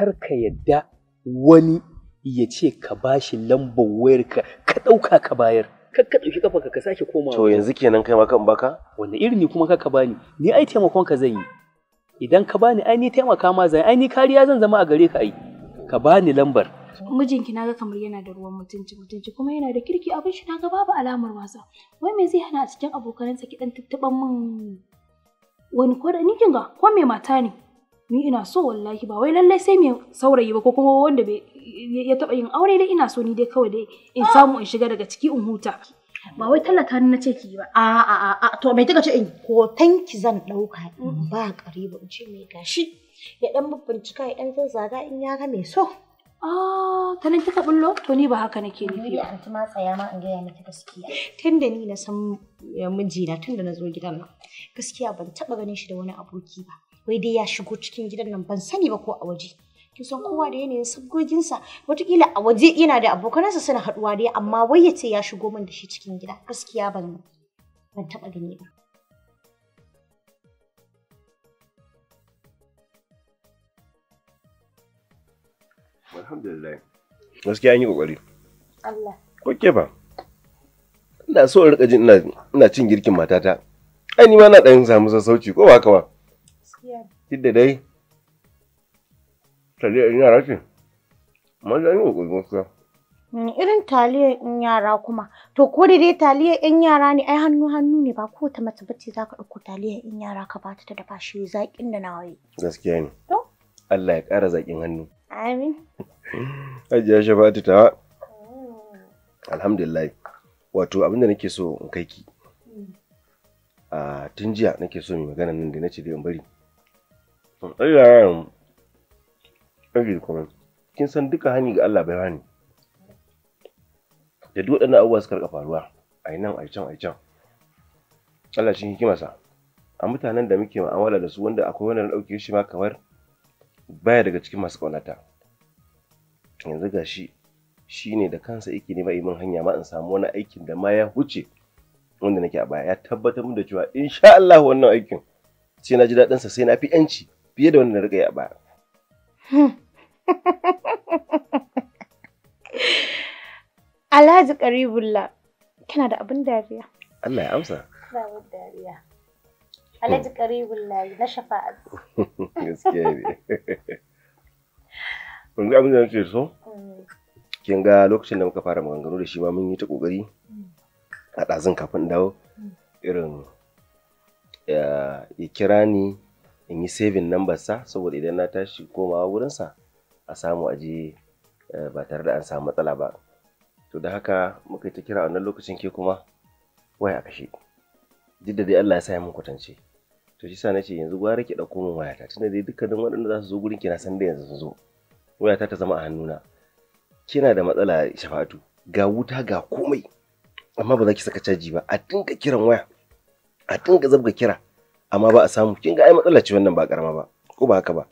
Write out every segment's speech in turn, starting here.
kar ka yadda wani ya ce ka bashi lambar wayar ka ka ɗauka ka bayar kar ka ɗauki kafa ka sake komawa to yanzu kenan kai ma kan baka wanda irin ni kuma ka bani ni ai taimakon ka zan yi idan ka bani ai ni taimaka ma zan ai ni kariya zan zama a gare ka ai ka bani lambar mijinki naga kamar yana da ruwan mutunci mutunci kuma yana da kirki abin shi naga babu alamar wasa wai me zai hana a cikin abokanansa ki dan tuttuban min wani ko da ni kinga ko me mata ne ni ina so wallahi ba wai lallai sai mai saurayi ba ko kuma wanda ya taba yin aure dai ina so ni dai kawai dai in samu in shiga daga ciki in huta ba wai tallata ni nace ki ba a a a to mai ce in Ko tanki zan dauka in ba karibu in ce mai gashi ya dan bincika ya dan zaga in ya ga mai so Ah, ta nan kika bullo? To ni ba haka nake nufi ba. Anti ma tsaya ma in gaya ta gaskiya. Tunda ni na san eh, na tunda na zo gidan nan. Gaskiya ban taba ganin shi da wani aboki ba. wai dai ya shigo cikin gidan nan ban sani ba ko a waje kin san kowa da yanayin sabgoginsa watakila a waje yana da abokanansa suna haduwa dai amma wai ya ce ya shigo min da shi cikin gida gaskiya ban ban taɓa gani ba alhamdulillah gaskiya an yi kokari Allah ke ba ina so in rika jin ina cin girkin matata ai ni ma na dan samu sassauci ko ba haka ba duk da dai taliyar yara ce maza ne ko gaskiya irin taliyar in yara kuma to ko da dai taliyar in yara ne ai hannu hannu ne ba ko ta mace bace zaka dauko taliyar in yara ka bata ta dafa shi zakin da nawa yi gaskiya ne to Allah ya ƙara zakin hannu amin hajiya shafatu ta alhamdulillah wato abinda nake so in kai ki a tun jiya nake so mai magana nan da nace da in bari tsaya kuma kin san duka hani ga Allah bai hani da duk waɗannan abubuwa suka faruwa a nan a can a can Allah shi hikimarsa a mutanen da muke ma'amala da su wanda akwai wanda na ɗauke shi ma kamar baya daga cikin masu ƙaunata yanzu ga shi shi ne da kansa yake nema imin hanya ma in samu wani aikin da ma ya huce wanda nake a baya ya tabbatar min da cewa insha Allah wannan aikin sai na ji daɗinsa sai na fi 'yanci fiye da wanda na riga ya a Alhaji Karibulla, kana da abin dariya. Allah ya amsa. Ba dariya. Alhaji Karibulla, na shafa'a. Gaskiya ne. Kun ga abin da nake so? Mm. Kin ga lokacin da muka fara maganganu da shi ma mun yi ta kokari mm. a ɗazun kafin dawo mm. irin ya kira ni in yi saving number sa saboda idan na tashi komawa wurinsa a samu aje eh, ba tare da an samu matsala ba to da haka muka yi ta kira a wannan lokacin ke kuma waya a kashe duk da dai Allah ya sa ya mun kwatance to shi sa na ce yanzu gwara ki ɗauko min wayata tunda dai dukkanin waɗanda za su zo gurin ki na san da yanzu su zo wayata ta zama a hannuna kina da matsala shafatu ga wuta ga komai amma ba za ki saka caji ba a dinga kiran waya a dinga zabga kira amma ba a samu kin ga ai matsala ce wannan ba karama ba ko ba haka ba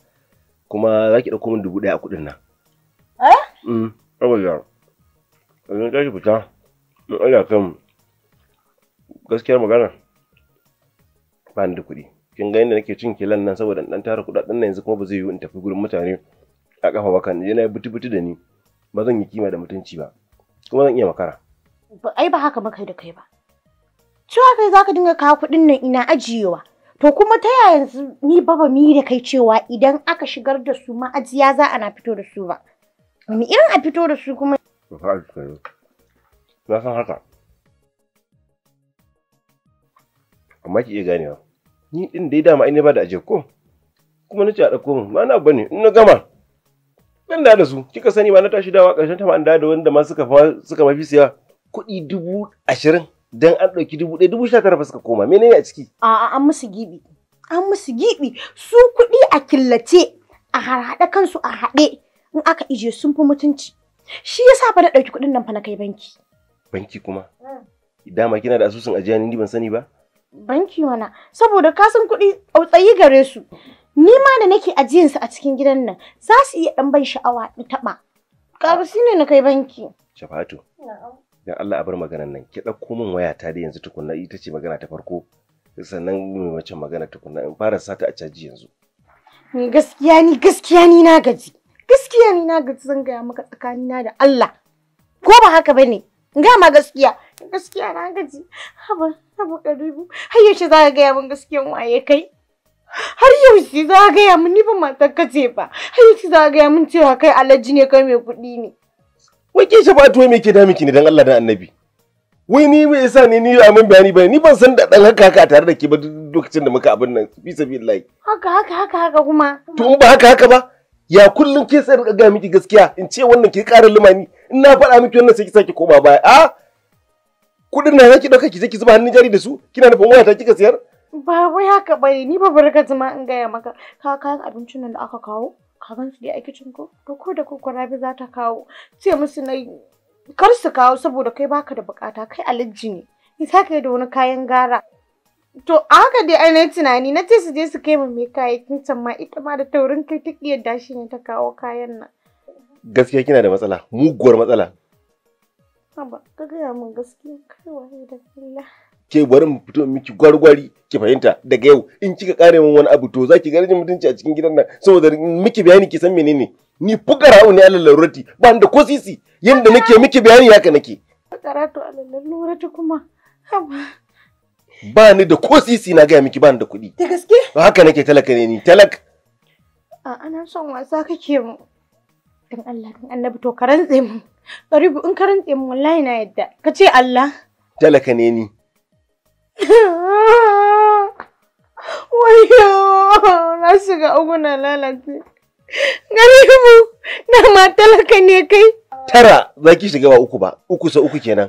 kuma za ki dauko min dubu daya a kudin nan eh mm saboda idan ka fita in Allah kan gaskiyar magana ba ni da kuɗi kin ga inda nake cin kilan nan saboda dan tara kudaden nan yanzu kuma ba zai yiwu in tafi gurin mutane a kafa ba kan na buti buti da ni ba zan yi kima da mutunci ba kuma zan iya makara ai ba haka makai da kai ba cewa kai zaka dinga kawo kuɗin nan ina ajiyewa To kuma ta yaya ni ba ba mi da kai cewa idan aka shigar da su ma'ajiya za a na fito da su ba. Mu irin a fito da su kuma. Na san haka. Amma ki iya ganewa. Ni din dai dama ai ne ba da aje ko. Kuma na ce a ɗauko min ma na bane in na gama. Dan da su kika sani ma na tashi dawa ƙarshen ta ma an da wanda ma suka suka mafi siya kuɗi dubu ashirin. dan an ɗauki dubu ɗaya dubu sha tara suka koma menene a ciki a'a an musu gibi an musu gibi su kuɗi a killace a harhaɗe kansu a haɗe in aka ije sun fi mutunci shi yasa fa na ɗauki kuɗin nan fa na kai banki banki kuma mm. dama kina da asusun ajiya ni ban sani ba banki wana saboda kasan kuɗi tsayi gare su ni ma da nake ajiyansu a cikin gidan nan za su iya ɗan ban sha'awa in taɓa ƙarusi ne na kai banki shafatu na'am dan Allah a bar maganan nan ki ɗauko min waya ta da yanzu tukunna ita ce magana ta farko sannan mai wacce magana tukunna in fara sata a caji yanzu ni gaskiya ni gaskiya ni na gaji gaskiya ni na gaji zan gaya maka tsakani na da Allah ko ba haka bane in ga ma gaskiya gaskiya na gaji haba haba karibu har yaushe za ka gaya min gaskiyan waye kai har yaushe za ka gaya min ni ba matar kace ba har yaushe za ka gaya min cewa kai alhaji ne kai mai kuɗi ne wai ke shafa'atu mai ke da ki ne dan Allah dan annabi wai ni me yasa ne ni amin bayani bayani ni ban san da dan haka haka tare da ke ba lokacin da muka abin nan fi sabilillahi haka haka haka haka kuma to in ba haka haka ba ya kullum ke sai ga miki gaskiya in ce wannan ke ƙara lumani in na faɗa miki wannan sai ki sake koma baya a kuɗin na zaki dauka ki je ki zuba hannun jari da su kina nufin waya ta kika siyar ba wai haka bane ni ba barkatu ma in gaya maka ka kayan abincin nan da aka kawo baban su a kicin ko to ko da koko rabi za ta kawo ce musu na kar su kawo saboda kai baka da bukata kai alajji ne ni sa kai da wani kayan gara to a haka dai ainihin tunani na ce su je su kai mu mai kayayyakin can ma ita ma da taurin kai ta da shi ne ta kawo kayan nan gaskiya kina da matsala muguwar matsala haba ka gaya min gaskiya kai waye da Allah ke bari mu fito miki gwargwari ki fahimta daga yau in kika kare min wani abu to za ki garjin mutunci a cikin gidan nan saboda miki bayani ki san menene ni fukara'u ne alal larurati ba da ko sisi yanda nake miki bayani haka nake fukara to alal larurati kuma ba ni da ko sisi na gaya miki ba da kuɗi da gaske haka nake talaka ne ni talak a ana son wasa kake mu dan Allah dan annabi to karantse mu Garibu in karantse mu wallahi na yadda ka ce Allah talaka ne ni Wayo, na shiga uku na lalace. Garibu, na ma talaka ne kai. Tara za ki shiga ba uku ba, uku sa uku kenan.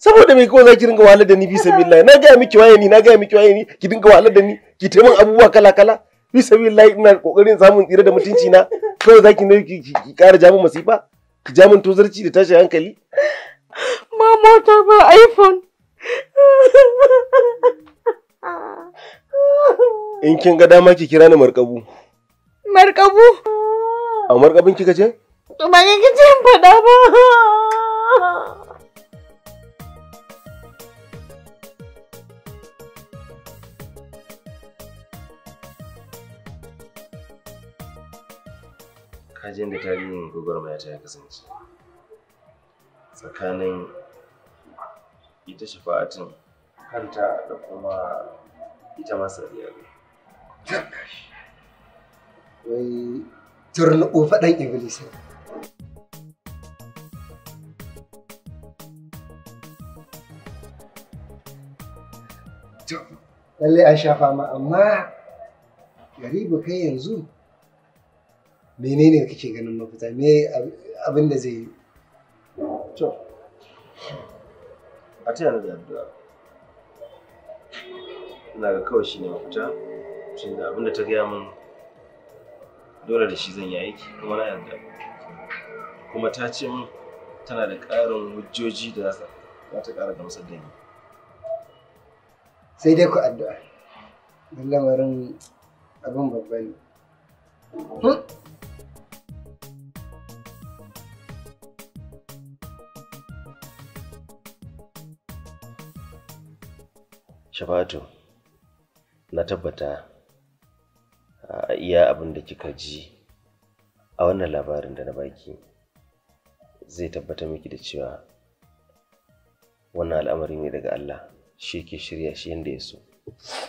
Saboda me kawai za ki dinga wahalar da ni bisa billahi, na gaya miki waye ni, na gaya miki waye ni, ki dinga wahalar da ni, ki taimakon abubuwa kala-kala. Bisa billahi ina kokarin samun tsira da mutunci na, kawai za ki ne ki kara jamin masifa, ki jamin tozarci da tashin hankali. Mama ta ba iPhone. In kin ga dama ki kira ni markabu. Markabu? A markabin kika ce? To ba ki ce in faɗa ba. Kajin da tarihin gwagwarmaya ta ya kasance. Tsakanin ita shafa'atin kanta da kuma ita masa iyali. Wai turnuɓo faɗan Iblis. Lallai an shafa ma amma garibu kai yanzu menene kake ganin mafita me abin da zai yi. a ta yana da addu'a ina ga kawai shi ne mafita tunda abinda ta gaya min dole da shi zan yi aiki kuma na yarda kuma ta ce min tana da ƙarin hujjoji da za ta ƙara gamsar da ni sai dai ku addu'a don lamarin abin babba ne hmm? Shafa'atu, na tabbata a iya abin da kika ji a wannan labarin da na baki zai tabbata miki da cewa wannan al'amari ne daga Allah shi ke shirya shi yadda ya so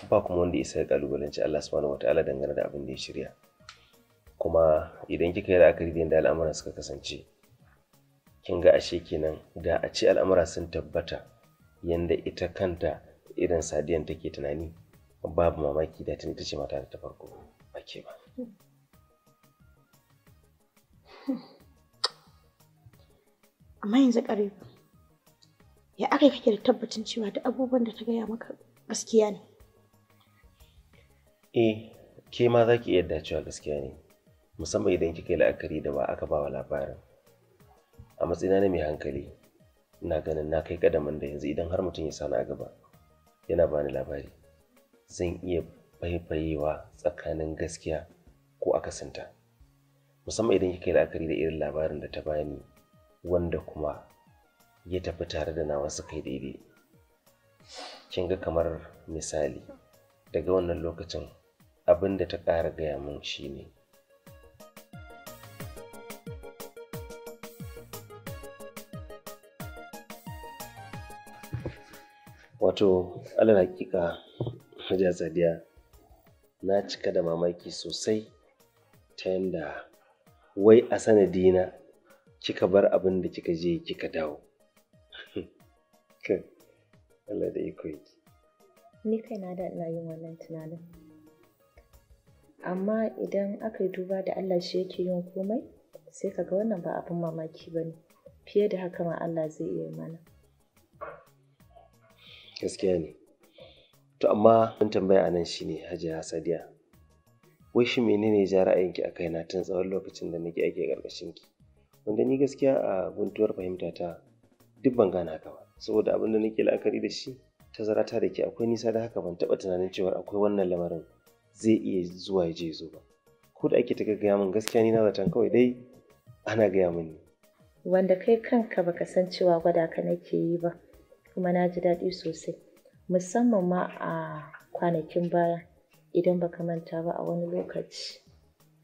ba kuma wanda ya sai kalubalanci Allah subhanahu wataala dangane da abin da ya shirya kuma idan kika yi la'akari da yadda al'amuran suka kasance kin ga ashe kenan da a ce al'amura sun tabbata yanda ita kanta irin sadiyan take tunani babu mamaki da ta ce mata ta farko ba ke ba amma yanzu ƙare ya aka kake da tabbacin cewa da abubuwan da ta gaya maka gaskiya ne eh ke ma za ki yadda cewa gaskiya ne musamman idan kika yi la'akari da ba aka ba wa labarin a matsayina na mai hankali ina ganin na kai kadamin da yanzu idan har mutum ya sani a gaba yana bani labari zan iya faifayewa tsakanin gaskiya ko akasinta musamman idan kika yi la'akari da irin labarin da ta bani wanda kuma ya tafi tare da nawa su kai daidai kin ga kamar misali daga wannan lokacin abin da ta ƙara gaya min shine wato alal hakika sadiya na cika da mamaki sosai ta yadda wai a sanadina kika bar abin da kika je kika dawo Allah da iko yake ni kai na da ina yin wannan tunanin amma idan aka yi duba da Allah shi yake yin komai sai kaga wannan ba abin mamaki ba ne fiye da haka ma Allah zai iya mana gaskiya ne to amma mun tambaya a nan ne, hajiya sadiya wai shi menene ya ja ra'ayinki a na tun tsawon lokacin da nake ake ƙarƙashin ki wanda ni gaskiya a guntuwar fahimta ta duk ban gane haka ba saboda abin da nake la'akari da shi tazara ta da ke akwai nisa da haka ban taɓa tunanin cewa akwai wannan lamarin zai iya zuwa ya je zo ba ko da ake ta gaya min gaskiya ni na zaton kawai dai ana gaya mini wanda kai kanka baka san cewa gwada ka nake yi ba kuma na ji daɗi sosai musamman ma a kwanakin baya idan baka manta ba a wani lokaci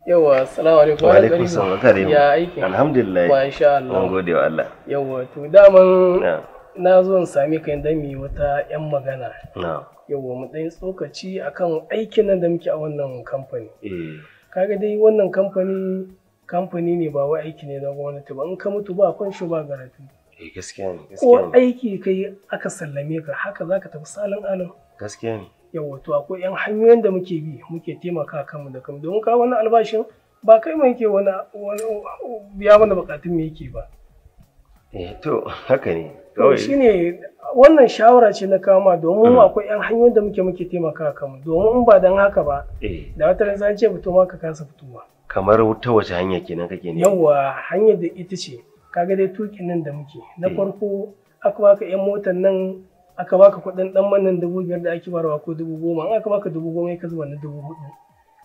yawa salamu alaikum wa alaikum salam kare ya aiki alhamdulillah wa insha Allah mun gode wa Allah yawa to daman na zo in same ka inda mu wata yan magana yawa mu dan tsokaci akan aikin nan da muke a wannan kamfani eh. kaga dai wannan kamfani kamfani ne ba wai aiki ne na gwamnati ba in ka mutu ba kwanshi ba garatu Eh, Ko aiki ka yi aka sallame ka haka za ka tafi salon alam. Gaskiya ne. Yawa to akwai 'yan hanyoyin da muke bi muke taimaka kanmu da kanmu domin ka wani albashin ba kai mai ke wani biya mana bukatun me yake ba. Eh to haka ne. Kawai shine wannan shawara ce na kama domin akwai 'yan hanyoyin da muke muke taimaka kanmu domin in ba dan haka ba eh. da wata ran zan ce fito ma ka kasa fitowa. Kamar ta wace hanya kenan kake ne? Yawa, hanyar da ita ce kaga dai tukin nan da muke na eh. farko aka baka yan motar nan aka baka kuɗin ɗan manan dubu biyar da ake barawa ko dubu goma aka baka dubu goma ka zuba na dubu hudu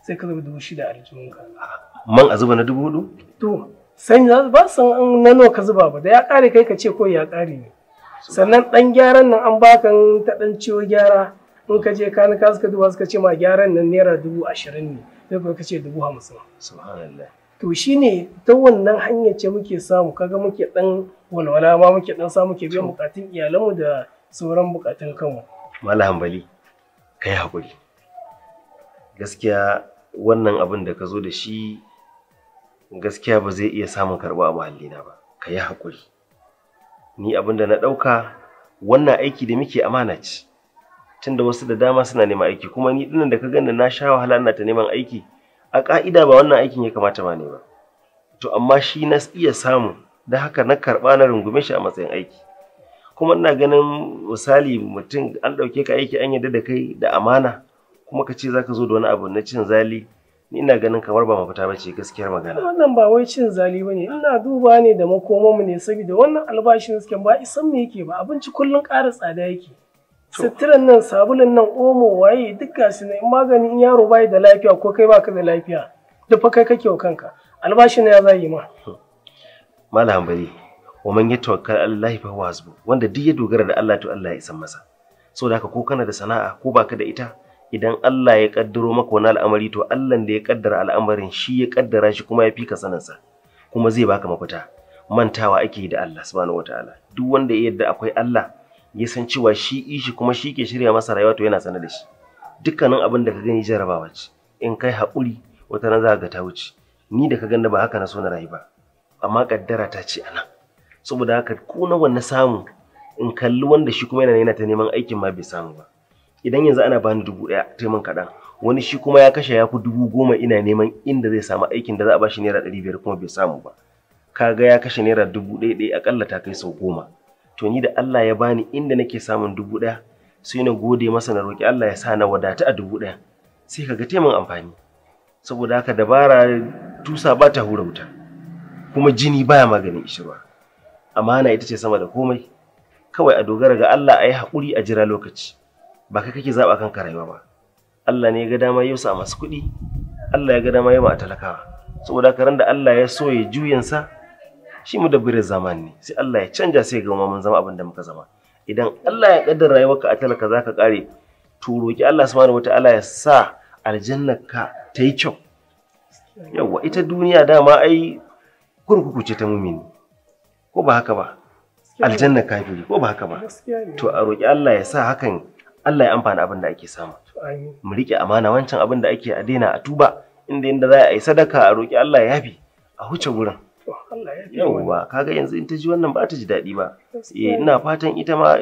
sai ka zuba dubu shida a aljihunka man a zuba na dubu hudu to san ba san na nawa ka zuba ba da ya ƙare kai ka ce ko ya ƙare ne sannan ɗan gyaran nan an baka ta ɗan ciwo gyara in ka je kani ka suka duba suka ce ma gyaran nan naira dubu ashirin ne sai ka ce dubu hamsin subhanallah to shi ne ta wannan hanya ce muke samu kaga muke dan walwala ma muke dan samu ke biyan bukatun iyalanmu da sauran bukatun kanmu malam hambali kai hakuri gaskiya wannan abin da ka zo da shi gaskiya ba zai iya samun karɓa a mahallina ba ka yi haƙuri ni abin da na ɗauka wannan aiki da muke amana ce tunda wasu da dama suna neman aiki kuma ni dinnan da ka gani na sha wahala ina ta neman aiki a ƙa'ida ba wannan aikin ya kamata ma ne ba to amma shi na iya samu da haka na karɓa na rungume shi a matsayin aiki kuma ina ganin misali mutum an ɗauke ka aiki an yarda da kai da amana kuma ka ce zaka zo da wani abu na cin zali ni ina ganin kamar ba mafita ba ce gaskiyar magana wannan ba wai cin zali ba ne ina duba ne da makomanmu ne saboda wannan albashin suke ba isan me yake ba abinci kullum ƙara tsada yake suturan nan sabulun nan omo waye duk su ne maganin yaro bai da lafiya ko kai baka da lafiya duk fa kai kake wa kanka albashi ne ya yi ma malam bari wa man tawakkal Allah fa huwa hasbu wanda duk ya dogara da Allah to Allah ya san masa da haka ko kana da sana'a ko baka da ita idan Allah ya kaddaro maka wani al'amari to Allah da ya kaddara al'amarin shi ya kaddara shi kuma ya fi ka saninsa kuma zai baka mafita mantawa ake yi da Allah subhanahu wataala duk wanda ya yarda akwai Allah ya san cewa shi ishi kuma shi ke shirya masa rayuwa to yana sanar da shi dukkanin abin da ka gani jarabawa ce in kai haƙuri wata nan za ka ta wuce ni da ka gani ba haka na so na rayu ba amma kaddara ta ce anan saboda haka ko nawa na samu in kalli wanda shi kuma yana yana ta neman aikin ma bai samu ba idan yanzu ana bani dubu ɗaya taimin kaɗan wani shi kuma ya kashe ya fi dubu goma ina neman inda zai samu aikin da za a bashi naira ɗari biyar kuma bai samu ba kaga ya kashe naira dubu ɗaya ɗaya akalla ta kai sau goma to ni da Allah ya bani inda nake samun dubu ɗaya sai na gode masa na roƙi Allah ya sa na wadata a dubu ɗaya sai ka ga taimin amfani saboda haka dabara tusa ba ta hura wuta kuma jini baya maganin ishirwa amana ita ce sama da komai kawai a dogara ga Allah a yi haƙuri a jira lokaci ba kai kake zaɓa kanka rayuwa ba Allah ne ya ga dama yau sa masu kuɗi Allah ya ga dama yau a talakawa saboda haka ran da Allah ya so ya juyansa shi mu dabbirar zamani ne sai Allah ya canja sai ga mun zama abin da muka zama idan Allah ya kaddara rayuwarka a talaka zaka kare to roki Allah subhanahu wataala ya sa aljannarka ta yi kyau yawa ita duniya dama ai kurkuku ce ta mumini ko ba haka ba aljanna kafiri ko ba haka ba to a roki Allah ya sa hakan Allah ya amfana abin da ake samu mu rike amana wancan abin da ake a daina a tuba inda inda za a yi sadaka a roki Allah ya yafi a huce gurin yauwa kaga yanzu in ta ji wannan ba ta ji daɗi ba eh, ina fatan ita ma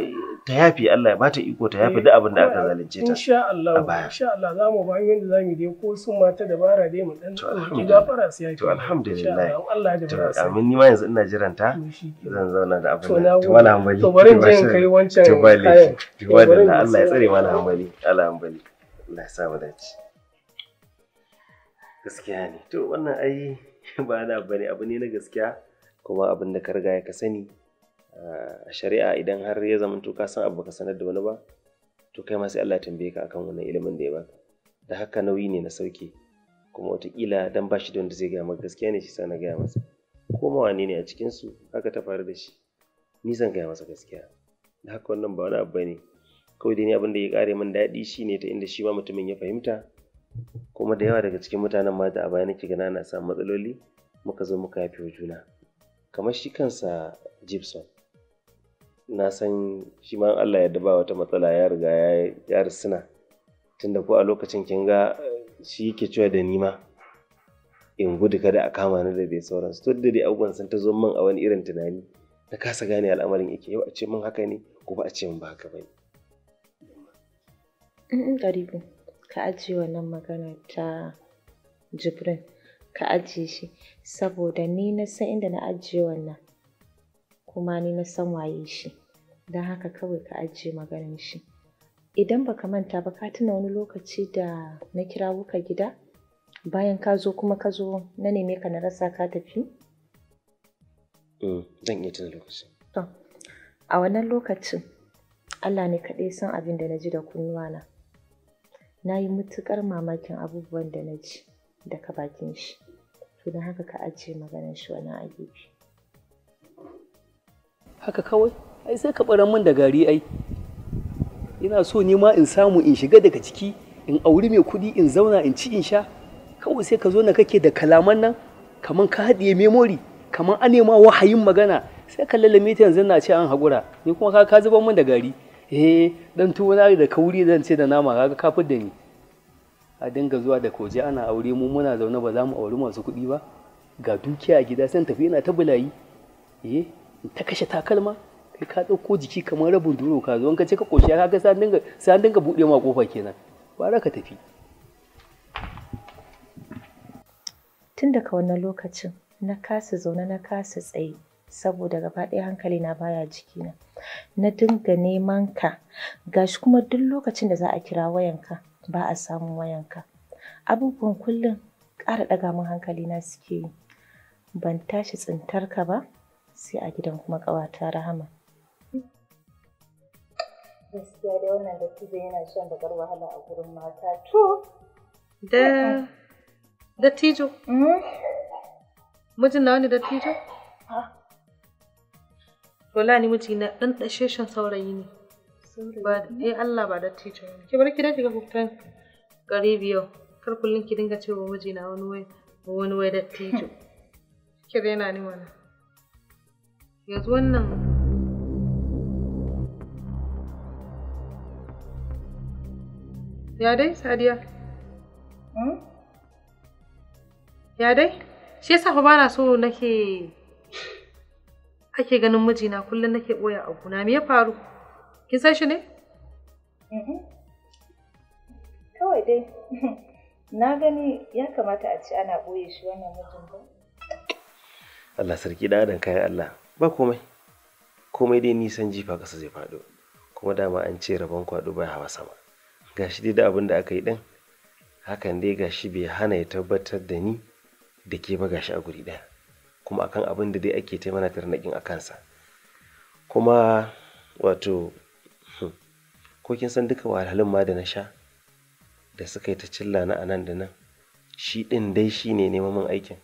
ta yafe Allah ya bata iko ta yafe eh, duk abin da aka zalunce ta insha Allah insha Allah zamu ba yanda zamu dai ko sun mata dabara dai mu dan ki gafara su yafe to alhamdulillah Allah ya jabara sai amin ni ma yanzu ina jiran ta zan zauna da abin nan to wala hambali to bari in kai wancan to bari to wala Allah ya tsare mana hambali Allah hambali Allah ya sa mu dace gaskiya ne to wannan ai ba na bane abu ne na gaskiya kuma abin da ka riga ya ka sani ah, a shari'a idan har ya zama to ka san abu ka sanar da wani ba to kai ma sai Allah ya tambaye ka akan wannan ilimin da ya baka da haka nauyi ne na sauke kuma wataƙila dan ba shi da wanda zai gaya maka gaskiya ne shi sa na gaya masa ko ma wane ne a cikin su haka ta faru da shi ni zan gaya masa gaskiya da haka wannan ba wani abu bane kawai dai ni abin da ya kare min daɗi shine ta inda shi ma mutumin ya fahimta kuma da yawa daga cikin mutanen ma da a baya nake gana na samu matsaloli muka zo muka yafe juna kamar shi kansa gibson na san shi ma Allah ya ba wata matsala ya riga ya risina tunda ko a lokacin kin ga eh, shi yake cewa da nima in gudu kada a kama ni da dai sauransu to da dai abubuwan sun ta zo min a wani irin tunani na kasa gane al'amarin yake yau a ce min haka ne ko ba a ce min ba haka ba ne. Karibu. ka ajiye wannan magana ta jibrin ka ajiye shi saboda ni na san inda na ajiye wannan kuma ni na san waye shi don haka kawai ka ajiye maganin shi idan baka manta ba ka tuna wani lokaci da na kirawo ka gida bayan ka zo kuma ka zo na neme ka na rasa ka tafi mm, zan iya tuna lokacin a wannan lokacin allah ne kaɗai san abin da na ji da kunnuwana na yi matuƙar mamakin abubuwan da na ci daga bakin shi to don haka ka ajiye maganar shi wani a gefe haka kawai ai sai ka ɓaran min da gari ai ina so ni ma in samu in shiga daga ciki in auri mai kuɗi in zauna in ci in sha kawai sai ka zo na kake da kalaman nan kaman ka haɗiye memori kaman anema nema wahayin magana sai ka lalame ta yanzu na ce an haƙura ni kuma ka zuba min da gari eh dan tuwo na da kauri zan ce da nama kaga kafin da ni a dinga zuwa da koje ana aure mu muna zaune ba za mu auri masu kuɗi ba ga dukiya a gida sai tafi yana ta bulayi eh ta kashe takalma kai ka ɗauko jiki kamar rabin duro ka zo ka ce ka koshi ka ga sai dinga sai dinga buɗe ma kofa kenan ba ka tafi tun daga wannan lokacin na kasa zaune na kasa tsaye saboda gaba ɗaya hankali na baya jikina na dinga neman ka gashi kuma duk lokacin da za a kira wayanka ba a samun wayanka abubuwan kullum ƙara ɗaga min hankali na suke yi ban tashi tsintar ka ba sai a gidan kuma ƙawata rahama gaskiya da wannan da yana shan bakar wahala a gurin mata to da dattijo mm-hmm. mijin na wani dattijo ah, Wala ni miji na dan dasheshen saurayi ne. Ba eh Allah ba dattijo ne. Ki bar ki dace ga hukutan garibi Kar kullun ki dinga cewa miji na wani wai wani wai dattijo. Ki rena ni wannan. Yanzu wannan Ya dai, Sadiya? Hmm? Ya dai? Shi yasa fa ba na so nake ake ganin mijina kullum nake ɓoya a gona me ya faru kin san shi ne kawai dai na gani ya kamata a ce ana ɓoye shi wannan mijin ba Allah sarki da adan kayan Allah ba komai komai dai nisan jifa kasa zai faɗo kuma dama an ce rabon kwaɗo bai hawa sama gashi dai da abin da aka yi ɗin hakan dai gashi bai hana ya tabbatar da ni da ke ba gashi a guri ɗaya kuma akan abin da dai ake ta mana tarnaƙin a kansa kuma wato hmm, ko kin san duka wahalhalun ma da na sha da suka yi ta cilla na anan da nan shi ɗin dai shi ne neman aikin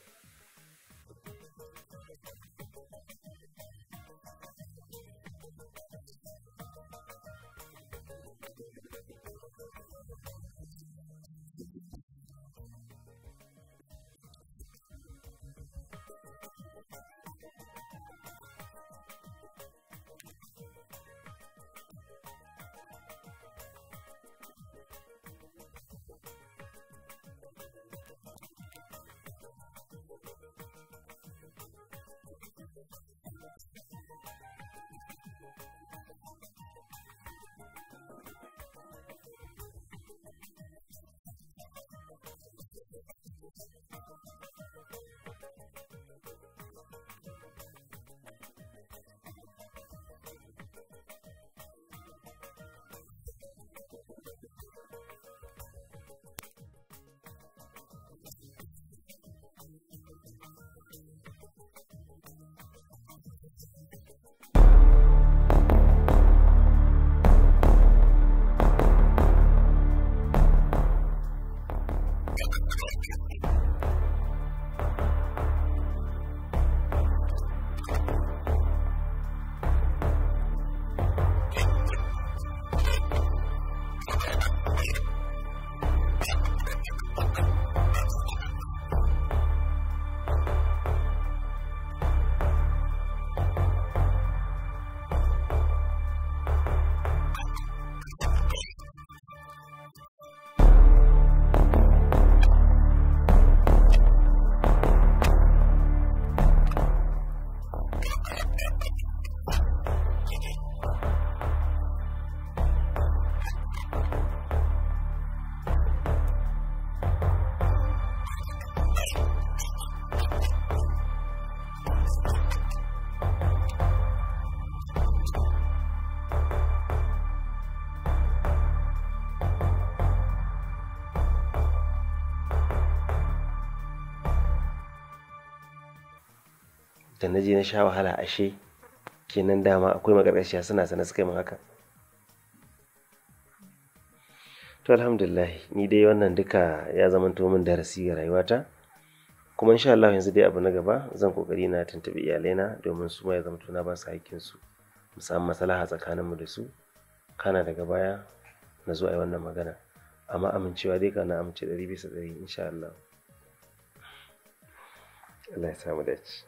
da na je na sha wahala ashe kenan dama akwai magargashiya suna sana suka yi min haka to alhamdulillah ni dai wannan duka ya zamanto min darasi ga rayuwata kuma insha Allah yanzu dai abu na gaba zan kokari na tuntubi iyalaina domin su ma ya zamanto na ba su haƙƙin su mu samu maslaha mu da su kana daga baya na zo a yi wannan magana amma amincewa dai kana amince ɗari bisa ɗari insha Allah Allah ya samu dace